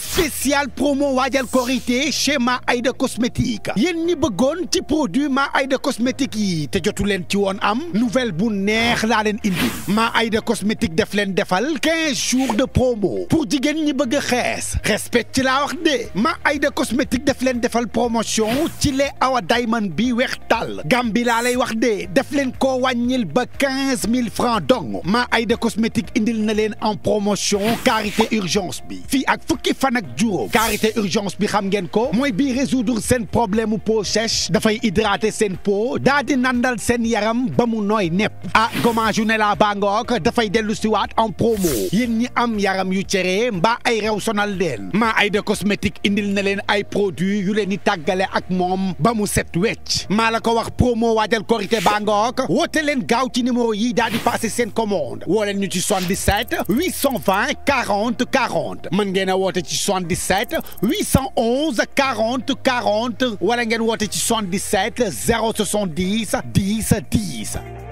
spécial promo waajal korité chez Ma Aïda cosmétique Yen ni beugone ci produit Ma Aide cosmétique yi te jotou len ci won am nouvelle bu neex la len indi Ma Aide cosmétique def len defal 15 jours de promo pour digen ni beug a respect ci la wax de Ma Aide cosmétique def len defal promotion ci les Awa Diamond bi weex tàll gam bi lay wax de def len ko wagnil ba 15000 francs dong Ma Aide cosmétique indil na en promotion carité urgence bi Fi ak fukki Carité fan ak moi karité urgence bi xam ko résoudre sen problème ou peau sèche fay hydrater sen peau dadi nandal sen yaram ba noy nep. nepp ah gommage yu ne laa baa ngook en promo Yen ni am yaram yu tiéré mba ay rew sonal Ma Ma ay de cosmétique indil na leen ay produits yu leni tagalé ak mom set ko wax promo waajal carité Bangok. ngook len gaaw ci numéro yi dadi passer sen commande ñu ci 77 820 40 40 ci 77 811 40 40 wala ngeen woote ci 77 070 10 10.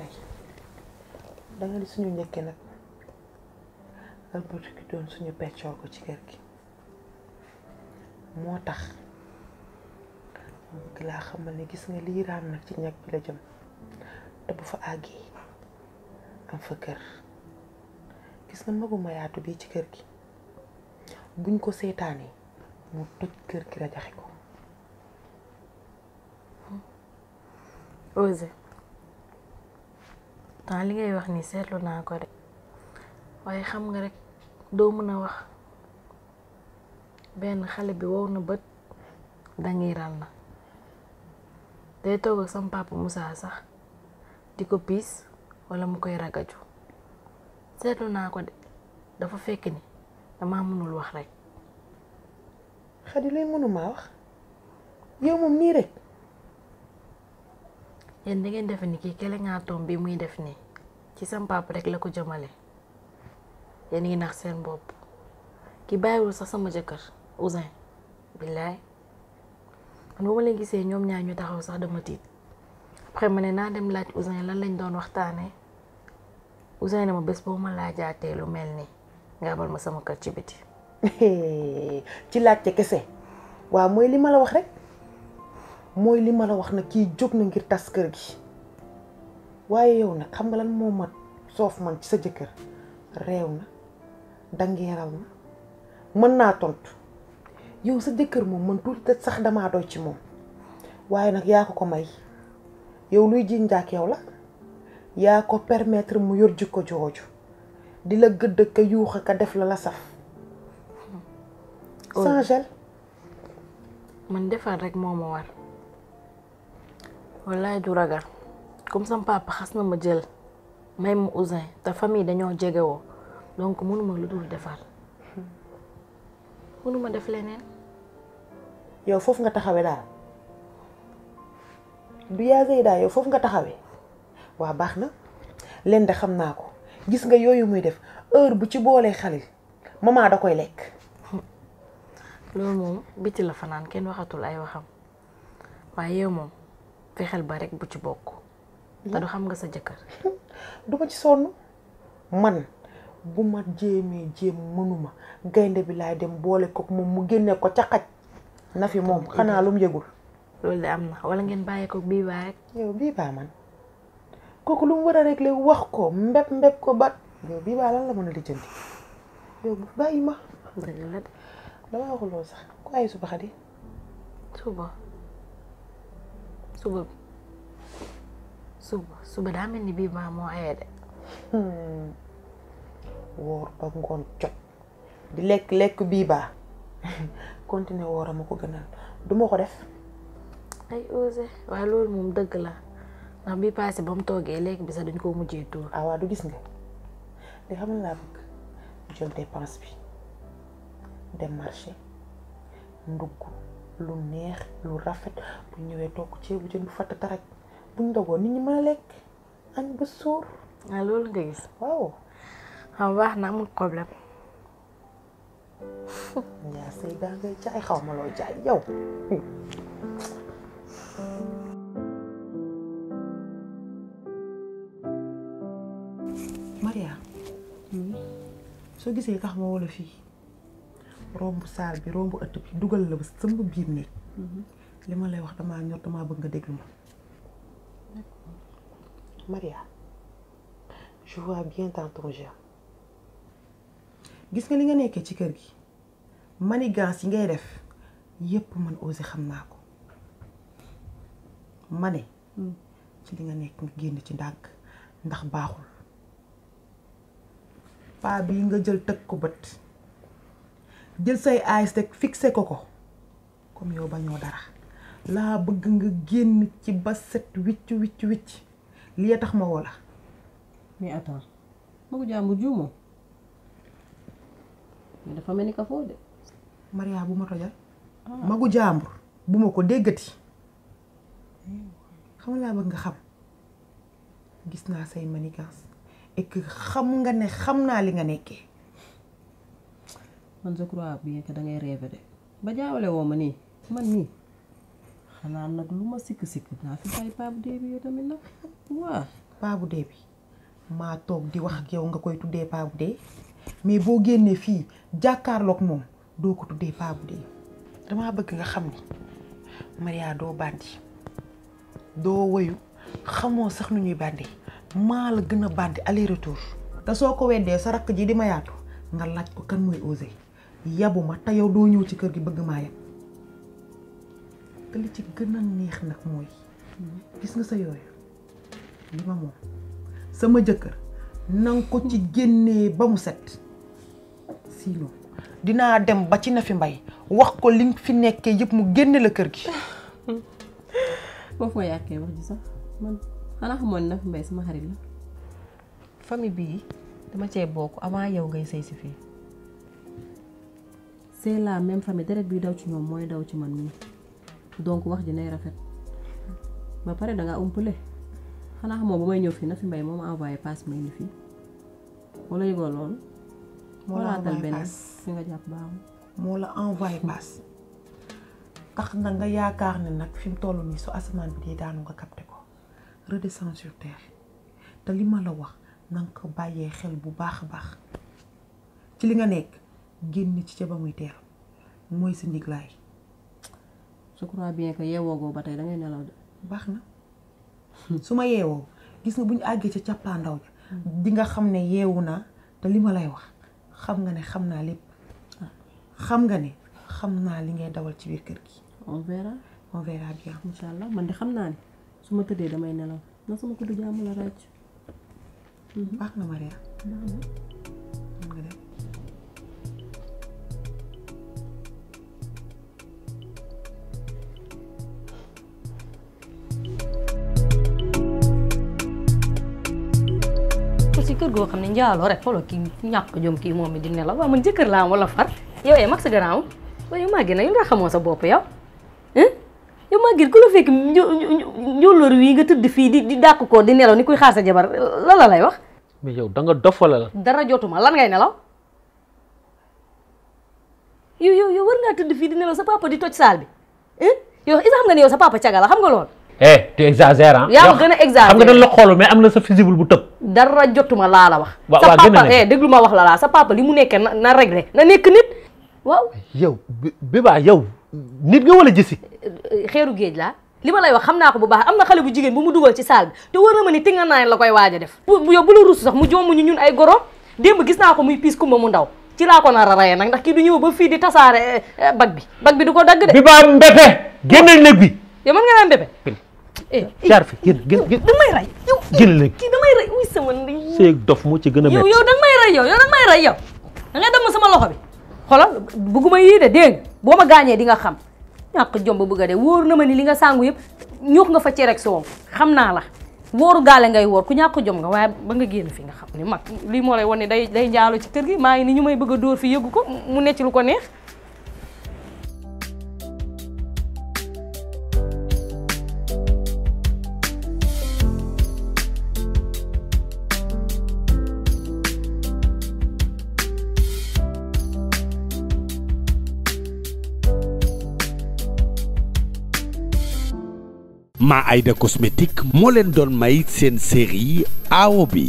may danga di suñu njëkke nag albatiku doon suñu peccoo ko ci kër gi moo tax moom laa xamal ne gis nga lii raam nag ci ñag bi la jëm te bu fa àggee am fa kër gis nga maguma yaatu bii ci kër gi buñ ko seetaanee mu toj kër gi rajaxe ko pourtant li ngay wax ni seetlu naa ko de waaye xam nga rek doo mën a wax benn xale bi wow na bët dangiral na day toog ak sama papa Moussa sax di ko piis wala mu koy ragaju seetlu naa ko de dafa fekk ni dama mënul wax rek xadi lay mënuma wax yow moom nii rek yéen da ngeen def ni kii kele ngaa toom bi muy def nii ci sam papa rek la ko jëmale yéen ngi nax seen bopp ki bàyyiwul sax sama jëkkër Ousin billaay man ba ma gisee ñoom ñaar ñu taxaw sax dama tiit après ma ne naa dem laaj Ousin lan lañ doon waxtaanee Ousin ne ma bés boo ma laajaatee lu mel ni nga ma sama kër ci biti. ci laajte kese waaw mooy li ma la wax rek. mooy li ma la wax na kii jóg na ngir tas kër gi waaye yow nag xam nga lan moo ma soof man ci sa jëkkër réew na dangeeral na mën naa tontu yow sa jëkkër moom man tuuti te sax damaa doy ci moom waaye nag yaa ko ko may yow luy jiiñ njaag yow la yaa ko permettre mu yor ko jooju di la gëdd ka yuuxa ka def la la saf sans gel man defal rek moo ma war wallaay du ragal comme sama xas na ma jël may ma Ouzin te famille dañoo jegewoo donc mënuma lu dul defar mënuma def leneen. yow foofu nga taxawee daal du yaa Zeyda yow foofu nga taxawee waa baax na leen de xam naa ko gis nga yooyu muy def heure bu ci boolee xalil maman da koy lekk. loolu moom biti la fanaan kenn waxatul ay waxam waaye yow moom. fexeel ba rek bu ci bokk. Mhm. te du xam nga sa jëkkër. du ci sonn man bu ma jéemee jéem mënuma gaynde bi laay dem boole ko moom mu génne ko ca xaj na fi moom xanaa lu mu yëgul. loolu de am na wala ngeen bàyyi ko bii baa rek. yow bii baa man kooku lu mu war a réglé wax ko mbéb mbéb ko ba yow bii baa lan la mën a lijjanti yow bàyyi ma. dëgg waxuloo sax ku ay suba xadi suba. suba bi suba suba daa mel ni bii maa moo aye de hmm. woor ba ngoon jot di lekk lekk bii baa continuer woor a ma ko gënal du ma ko def ay osé waaye loolu moom dëgg la ndax bii passé ba mu toogee lekk bi sax dañ koo mujjee tuur ah du gis nga di xam laa bëgg jël dépense bi dem marché ndugg lu neex lu rafet bu ñëwee togg ceebu jën bu fatt taraj bu ñu dogoo nit ñi mën lekk añ ba suur ah loolu nga gis waaw xam ah, baax na amul problème yaa sëy daa ngay jaay xaw ma loo jaay yow Maria hmm? soo gisee tax ma wala fii romb saal bi romb ëtt bi dugal la ba sëmb biir néeg mhm. li ma lay wax damaa ñor damaa bëgg nga déglu ma Maria je gis nga li nga nekkee ci kër gi mani manigance yi ngay def yépp man osé xam naa ko ma ne hmm. ci li nga nekk nga génn ci ndànk ndax baaxul paa bii nga jël tëg ko bët jël say AS teg fixé ko ko comme yow bañoo dara laa bëgg nga génn ci ba set wicc wicc wicc li tax ma woo la mais attends dafa mel ni ka foo de Maria bu ma tojal ah. magu jàmbur bu ma ko déggati xam laa bëgg nga xam gis naa say manigance et xam nga ne xam naa li nga nekkee man je crois bien que da ngay rêver ya, de ba jaawale wo ma ni man ni xana nak luma sik sik na naa fi bàyyi paabu dee bi yow tamit nag waa paabu dee bi ma tok di wax ak yow nga koy pa bu dé mais mom doo ko pa bu dé dama bëgg nga xam ni Maria do bandi Do woyu xamoo sax nu ñuy bandi Ma la gëna a bandi aller retour da soko ko sa rak ji di ma yaatu nga laaj ko kan moy oser yabu ma te yow doo ñëw ci kër gi bëgg maa yab te li ci gën a neex nag mooy gis nga sa yooyu li moom sama jëkkër nang ko ci génnee ba mu set sinon dinaa dem ba ci nafi mbay wax ko li fi nekkee yëpp mu génne la kër gi boo foo yàkkee wax ji sax man xanaa xamoon na mbay sama xarit la famille bii dama cee bokk avant yow ngay sëy si fii c'est la même famille deret bi daw ci ñoom mooy daw ci man mii donc wax ji nay rafet ba pare da nga umpale xanaa xamoo ba may ñëw fii na fi mbay moom envoyé passe ma indi fii wala yëgoo loolu. moo la envoyé benn fi nga jàpp baaxul. moo la envoyé passe tax na nga yaakaar ne nag fi mu toll nii su asamaan bi dee daanu nga capté ko redescend sur terre te li ma la wax na nga ko bàyyee xel bu baax a baax ci li nga nekk. génn ci ca ba muy teel mooy sa njëglaay. je crois bien que yeewoo goo ba tey da ngay nelaw de. baax na su ma yeewoo gis nga bu ñu àggee ca cappaandaw ja di nga xam ne yeewu naa te li ma lay wax xam nga ne xam naa lépp xam nga ne xam naa li ngay dawal ci biir kër gi. on verra on verra man de xam naa ne su ma tëddee damay nelaw na sama kuddu jaamu la ràcc. baax na Maria. kër goo xam ne njaaloo rek xoolal kii ñàkk jom kii moom mi di nelaw waaw man jëkkër laa am wala far yow ee mag sa garaaw waaye màggi na yow nga xamoo sa bopp yow yow màggi ku la fekk njolloor wii nga tëdd fii di di dàq ko di nelaw ni kuy xaar sa jabar la la lay wax mais yow da nga dof wala la dara jotuma lan ngay nelaw yow yow yow war ngaa tëdd fii di nelaw sa papa di toj saal bi yow isa xam nga ne yow sa papa caga la xam nga loolu eh tu exagères yaa wax gën a exagéré nga dañ la xool mais am na sa visible bu tëb. dara jotuma laa la wax. wa sa papa eh déglu ma wax la laa sa papa li mu nekkee na na réglé na nekk nit waaw. yow bi baa yow nit nga wala jësi. Eh, xeeru géej laa li ma lay wax xam naa ko bu baax am na xale bu jigéen bu mu dugal ci saal bi te war na ma ni tinga naan la koy waaja def. bu yow bu la rus sax mu jomb ñu ñun ay goro démb gis naa ko muy piis kumba mu ndaw. ci laa ko nar a rayee nag ndax kii du ñëw ba fii di eh, eh, bag bi bag bi du ko dagg bi baa mbépe génnal néeg bi. yow mën nga naan mbépe. jaar fi génn génn génn da may rey yow génn léegi kii da rey a métti yow yow da may rey yow yow da nga may rey yow da ngay dem sama loxo bi xoolal bëgguma yii de dégg boo ma gaañee di nga xam ñàkk jomb bëgg a dee wóor na ma ni li nga sàngu yëpp ñuux nga fa cere ak soom xam naa la wóoru gaale ngay wóor ku ñàkk jom nga waaye ba nga génn fi nga xam ni mag lii moo lay wan ne day day njaalo ci kër gi maa ngi ni ñu may bëgg a dóor fi yëgu ko mu ne ci lu ko neex Ma Aïda cosmétique moo leen doon may seen série awo bi